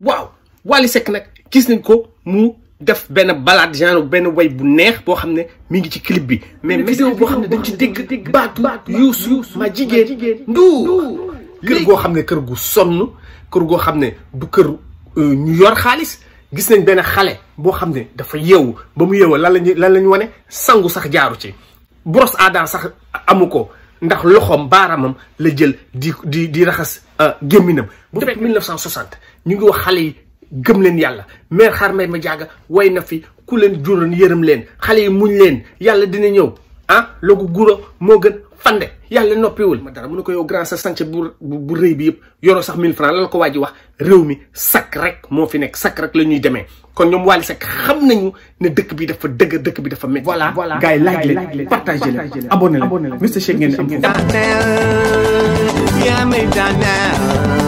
waaw Wally Seck nag gis nañ ko mu def benn balade genre benn way bu neex boo xam ne mi ngi ci clip bi mais vidéo boo xam ne dañ ci dégg baatu yuusu ma jigéen nduur kër goo xam ne kër gu sonn kër goo xam ne du kër euh, ñu yor xaalis gis nañ benn xale boo xam ne dafa yeewu ba mu yeewoo lan lañu lan lañu wane sangu sax jaaru ci brosse à sax amu ko ndax loxoom baaramam la jël di di di raxas euh, gémminam bu fekk 1960 ñu ngi wax xale yi gëm leen yàlla mère xaar may ma jàgga way na fi ku leen juróon yërëm leen xale yi muñ leen yàlla dina ñëw ah loogu guro moo gën fande yàlla noppiwul ma dara mu ne ko yow grand sa sanc bu rëy bi yëpp yoroo sax 1000 francs la la ko waa ji wax réew mi sakk rek moo fi nekk sakk rek la ñuy demee kon ñoom Wally Seck xam nañu ne dëkk bi dafa dëgg dëkk bi dafa métti voilà gars yi laaj leen partagé leen abonné leen Mister Shake ngeen am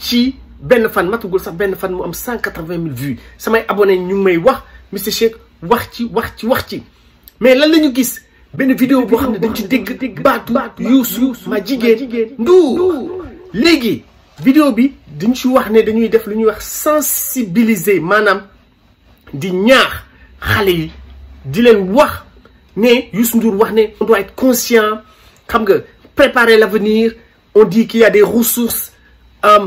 ci ben fan matugul sax ben fan mu am cent quatre vues samay abonné ñu may wax Mister cheikh wax ci wax ci wax ci mais lan lañu ñu gis benn vidéo bo xam ne dañ ci dégg batu Youssou ma jigéen Ndour léegi vidéo bi dañ ci wax né dañuy def lu wax sensibiliser manam di ñaax xalé yi di leen wax né Youssou Ndour wax né on doit être conscient xam nga préparer l'avenir on dit qu'il y a des ressources euh,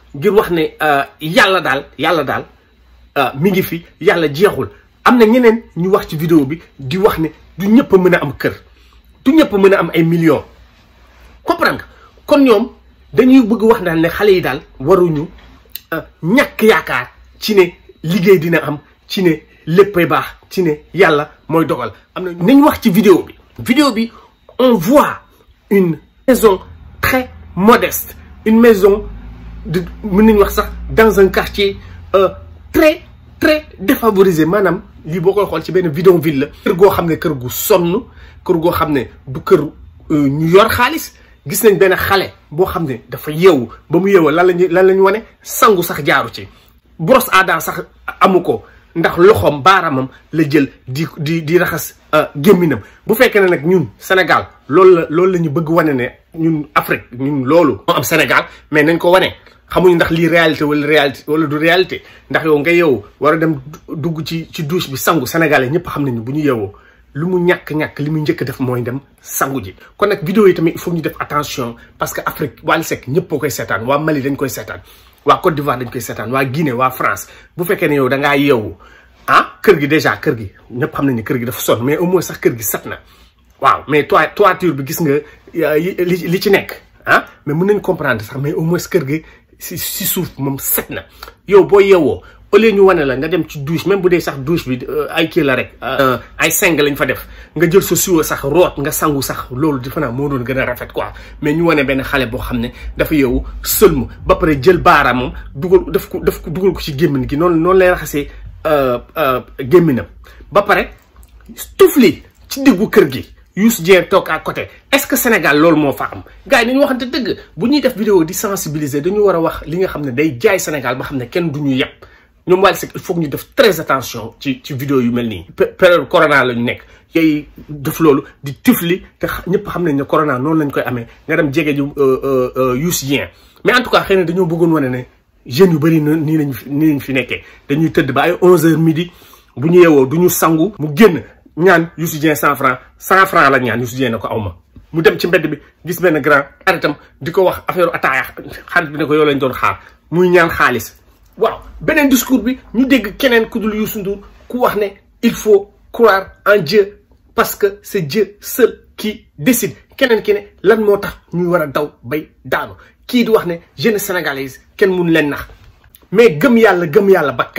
ngir wax ne euh, yàlla daal yàlla daal euh, mi ngi fi yalla jeexul amna ñeneen ñu wax ci vidéo bi di wax ne du ñëpp mëna am kër du ñëpp mëna am ay millions comprendre nga kon ñoom dañuy bëgg wax daal ne xale yi daal waruñu euh, ñàkk yaakaar ci ne liggéey dina am ci ne léppay baax ci ne yàlla mooy dogal am na nañ wax ci vidéo bi vidéo bi on voit une maison très modeste une maison de mën nañu wax sax dans un quartier euh, très très défavorisé manam li boo xol ci ben bidonville la. kër xamné keur gu sonn kër goo xam ne du kër euh, ñu yor xaliss gis nañ ben xalé bo xamné dafa yew ba mu yew lan la lan lañ ñu sangu sax jaaru ci brosse à dents sax amu ko. ndax loxoom baaramam la jël di di di raxas euh, gémminam bu fekkee ne nag ñun Sénégal loolu la loolu la ñu bëgg wane ne ñun Afrique ñun loolu moo am Sénégal mais nañ ko wane xamuñu ndax lii réalité wala réalité wala du réalité ndax yow nga yow war a dem dugg ci ci douche bi sangu Sénégalais ñëpp xam nañu bu ñu yeewoo lu mu ñàkk-ñàkk li mu njëkk def mooy dem sangu ji kon nag vidéo yi tamit il faut ñu def attention parce que Afrique Wally Seck ñëpp a koy seetaan waa Mali dañ koy seetaan wa Côte d'Ivoire dañ koy seetaan waa Guinée wa France bu fekkee né yow da nga yew ah kër gi déjà kër gi ñep xam nañ ne kër gi dafa sonn mais au moins sax kër gi satna na waaw mais toi toiture bi gis nga li ci nek ah mais mën nañ comprendre sax mais au moins kër gi si si suuf moom set yow bo yeewoo au lieu ñu wane la nga dem ci douche même bu dee sax douche bi euh, ay ki la rek euh, ay seng lañ fa def nga jël sa siwo sax rot nga sangu sax loolu defe naa moo doon gëna rafet quoi mais ñu wane ben xalé bo xamné dafa yow sëlmu ba paré jël baaraamam duggal daf ko daf ko duggal ko ci gémmin gi non non lay euh euh gémminam ba paré tufli ci diggu kër gi yous Dieng tok à côté est-ce que Sénégal loolu mo fa am gaay yi waxante dëgg bu ñuy def vidéo di sensibiliser dañu wara wax li nga xamné day jaay Sénégal ba xamné kenn duñu yapp ñoom Wally il faut ñu def très attention ci ci vidéo yu mel nii. période corona la ñu nekk yooyu def loolu di tifli te ñëpp xam nañ corona non lañ koy amé. nga dem jege ju euh, euh, euh, Youssou Dieng mais en tout cas xëy na dañoo bëggoon wane ne jeunes yu bëri na nii lañ nii lañ fi nekkee dañuy tëdd ba ay 11h midi bu ñu yeewoo du ñu sangu. mu génn ñaan Youssou 100 francs 100 francs la ñaan Youssou Dieng ko aw mu dem ci mbedd bi gis benn grand xaritam diko wax affaire ataya xarit bi ne ko yow lañ doon xaar muy ñaan xaaliss waaw Benen discours bi ñu dégg keneen ku dul Youssou ku wax ne il faut croire en Dieu parce que c'est Dieu seul qui décide Kenen ki lan moo tax ñuy war daw bay daanu ki di wax ne jeune sénégalaise kenn mun len nax mais gëm yalla gëm yalla ba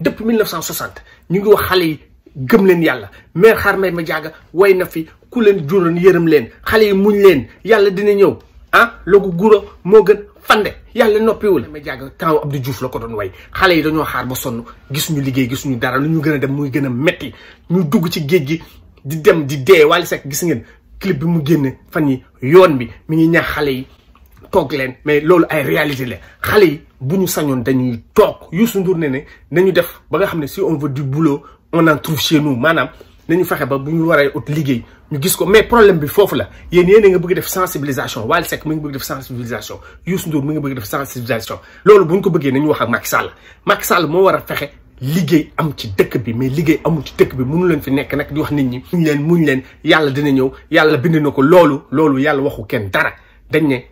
depuis 1960 ñu ngi wax xalé yi gëm leen yàlla mère xaar ma jaga way na fi ku len juróon yërem len xalé yi muñ len yalla dina ñew ah logu guro moo gën fande yàlla noppiwul ma jàgg kaw Abdou Diouf la ko doon way xale yi dañoo xaar ba sonn gis ñu liggéey gis ñu dara lu ñu gën a dem muy gën a metti ñu dugg ci géej gi di dem di dee Wally Seck gis ngeen clip bi mu génn fan yi yoon bi mu ngi ñaax xale yi toog leen mais loolu ay réalité la xale yi bu ñu sañoon dañuy toog Youssou Ndour ne ne nañu def ba nga xam ne si on veut du boulot on en trouve chez nous maanaam nañu fexe ba buñu ñu out ut liggéey ñu gis ko mais problème bi fofu la yéen yéen nga bëgg def sensibilisation wal sec mi ngi bëgg def sensibilisation yous Ndour mi ngi bëgg def sensibilisation loolu buñ ko bëggé nañu wax ak Macky Sall Macky Sall mo wara fexe liggéey am ci dëkk bi mais liggéey amul ci dëkk bi mënu leen fi nekk nak di wax nit ñi muñ leen muñ leen yàlla dina ñëw yàlla bind na ko loolu loolu yàlla waxu kenn dara dañ ne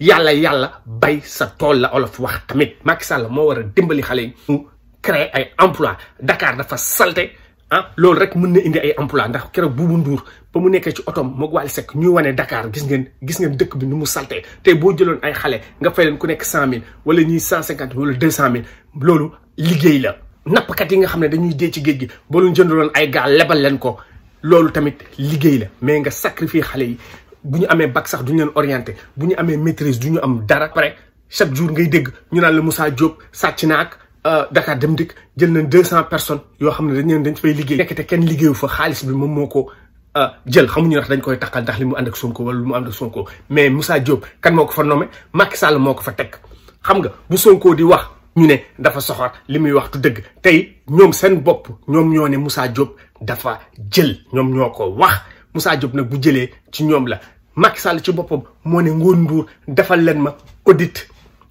yàlla yàlla bay sa tool la olof wax tamit Macky Sall mo wara dimbali xale yi mu créer ay emploi Dakar dafa salte ah loolu rek mën na indi ay emploi ndax keroog Buubu Nduur ba mu nekkee ci otom moog Wally Seck ñuy wane dakaar gis ngeen gis ngeen dëkk bi nu mu saltee te boo jëloon ay xale nga fay leen ku nekk cent mille wala ñuy cent cinquante wala deux cent loolu liggéey la nappkat yi nga xam ne dañuy dee ci géej gi boo jënd jëndaloon ay gaal lebal leen ko loolu tamit liggéey la mais nga sacrifier xale yi bu ñu amee bac sax du ñu leen orienté bu ñu amee maîtrise du ñu am dara pare chaque jour ngay dégg ñu naan la Moussa Diop sàcc naak Euh, dakaar dem dikk jël nañ deux cent personnes yoo xam ne dañ leen dañ fay liggéey nekk te kenn fa xaalis bi moom moo ko euh, jël xamuñu ndax dañ koy takkal ndax li mu ànd ak Sonko wala lu mu ànd ak Sonko mais Moussa Diop kan moo ko fa nommé Macky Sall moo ko fa teg xam nga bu Sonko di wax ñu ne dafa soxor li muy wax dëgg tey ñoom seen bopp ñoom ñoo ne Moussa Diop dafa jël ñoom ñoo ko wax Moussa jóob nag bu jëlee ci ñoom la Macky Sall ci boppam moo ne Ngor Ndour defal leen ma audit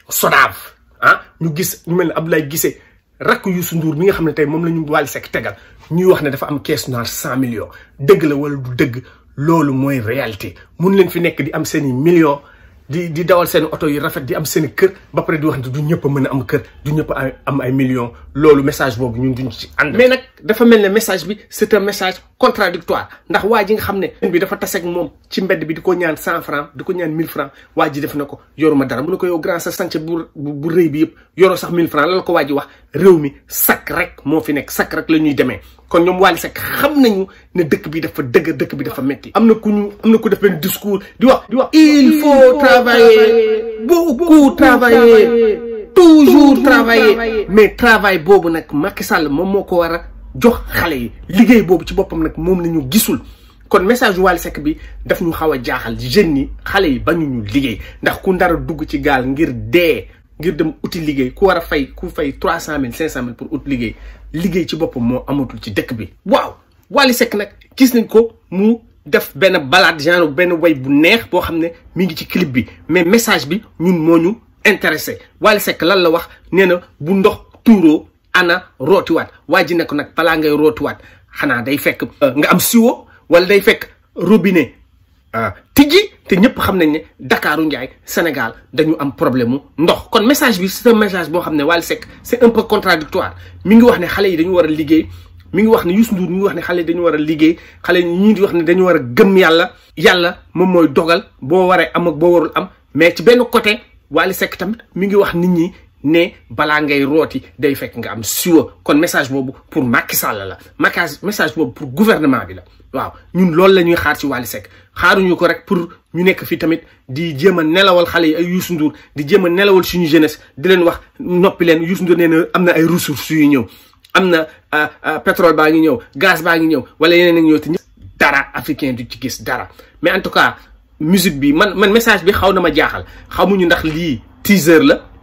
SODAV ah ñu gis ñu mel ne Abdoulaye Guissé rakk Youssou Ndour bi nga xam ne tey moom la ñu Wally Seck tegal ñuy wax ne dafa am caisse noire cent millions dëgg la wall du dëgg loolu mooy réalité mun leen fi nekk di am seen i millions di di dawal seen oto yi rafet di am seen kër ba pare di wax ne du ñëpp mën a am kër du ñëpp a am ay million loolu message boobu ñun duñ ci ànd. mais nag dafa mel ne message bi c'est un message contradictoire ndax waa ji nga xam ne. bi dafa taseeg moom ci mbedd bi di ko ñaan cent franc di ko ñaan mille franc waa ji def na ko yoruma dara mu ne ko yow grand sa sànq bu bu rëy bi yëpp yoroo sax mille franc la ko waa ji wax réwmi mi rek mo fi nek sakk rek lañuy démé kon ñom Wally Seck xam nañu ne dëkk bi dafa dëgg dëkk bi dafa metti amna na ku ñu am ku def benn discours di wax di wax il faut travailler beaucoup travailler toujours travailler mais travail bobu nak Macky Sall moom moo ko jox xalé yi liggéey bobu ci bopam nak mom gisul kon message Wally Seck bi daf ñu xawa jaaxal jeunes yi xalé yi bañu ñu liggéey ndax ku ndara dugg ci gal ngir dee ngir dem uti liggéey ku war a fay ku fay trois cent mille cinq cent mille pour uti liggéey liggéey ci boppam moo amatul ci dëkk bi. waaw Wally Seck nag gis nañ ko mu def benn balade genre benn way bu neex boo xam ne mi ngi ci clip bi mais message bi ñun moo ñu intéressé Wally Seck lan la wax nee na bu ndox tuuroo ana rootiwaat waa ji ne ko nag balaa ngay rootiwaat xanaa day fekk euh, nga am siwo wala day fekk robinet Euh, tigi te ñëpp xam nañ né Dakar, Sénégal dañu am problème ndox kon message bi c'est un message bo xamné c'est un peu contradictoire mi ngi wax ne xalé yi dañu wara liggéey mi ngi wax ne Youssou Ndour mi dañu di dogal boh am ak warul am mais ci benn côté wal tamit mi ngi ne bala ngay roti day fek nga am siwo kon message bobu pour Macky Sall la message bobu pour gouvernement bi la waaw ñun loolu la ñuy xaar ci Wally Seck xaaruñu ko rek pour ñu nek fi tamit di jema nelawal xale ay Youssou Ndour di jema nelawal suñu jeunesse di leen wax nopi leen Youssou Ndour neena amna ay ressources yu ñew amna ah, ah, pétrole baangi ñew gaz baangi ñew wala yeneen a ñew te dara africain du ci gis dara mais en tout cas musique bi man man message bi xaw ma jaaxal xamuñu ndax li teaser la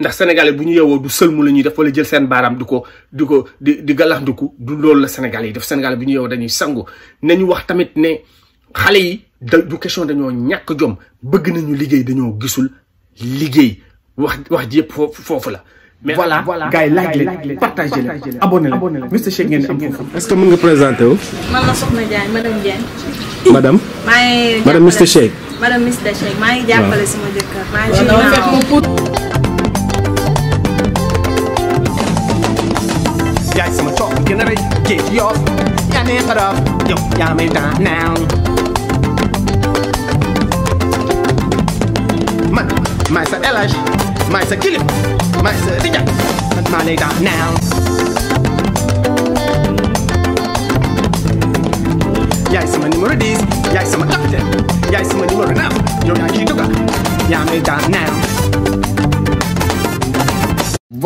ndax sénégalais bu ñu yeewoo du sëlmu la ñuy def wala jël seen baaraam du ko du ko di di galaxndiku du loolu la sénégalais yi def sénégalais bu ñu yeewoo dañuy sangu nañu wax tamit ne xale yi da du question dañoo ñàkk jom bëgg nañu liggéey dañoo gisul liggéey wax wax ji yëpp foofu la voilà gars yi laaj leen partagé leen abonné leen Mister Shake ngeen am est-ce que mën nga présenté wu man la Soxna Diagne madame Diagne madame maa ngi madame Mister Shake madame Mr Cheikh maa ngi jàppale sama jëkkër maa ngi yo Ya ne kara yo ya me da now Man my sa elash my sa kilim my sa dija and my lay down now Yai sama ni muridis, yai sama captain, yai sama ni murinam, yo yai kitoka, ya me da now.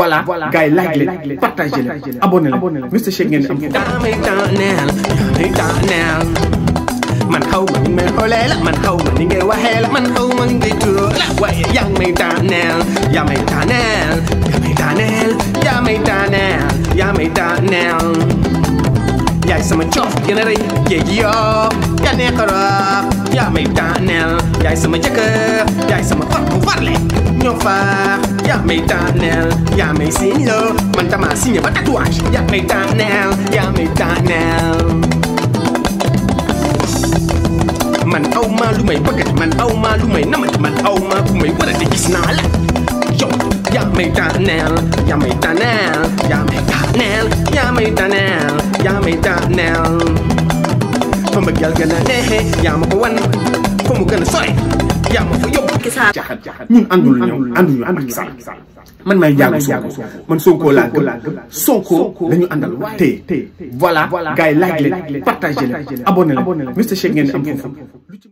voilà gars yi like leen partagé leen abonné leen Mister Shake ngeen di am. man xaw ma ni may xoolee man xaw ma ni ngay waxee man xaw ma ni ngay turoo la waaye yaa may daaneel yaa may daaneel yaa may daaneel yaa may daaneel yaa may daaneel Yaysam çok yanarı yiyor Yani kırıp Ya meytanel Yaysam yakıp Yaysam farkı varlı Nyofa Ya meytanel Ya meysinlo Mantama sinye var tatuaj Ya meytanel Ya meytanel Man au ma lumay bagat Man au ma lumay namat Man au ma kumay waradi isnala Yo Ya meytanel Ya meytanel Ya meytanel Ya meytanel may daaneel fa mbëggeel gën a neexee yaa ma ko wan fa mu gën a sore yaa ma fa yóbbu jaxat jaxat ñun àndul ñoom ànduñu ak Macky Sall man may jaagu Sonko man Sonko laa gëm Sonko la ñu àndal tey voilà gars yi laaj leen partagé leen abonné leen Mister Shake ngeen di am foofu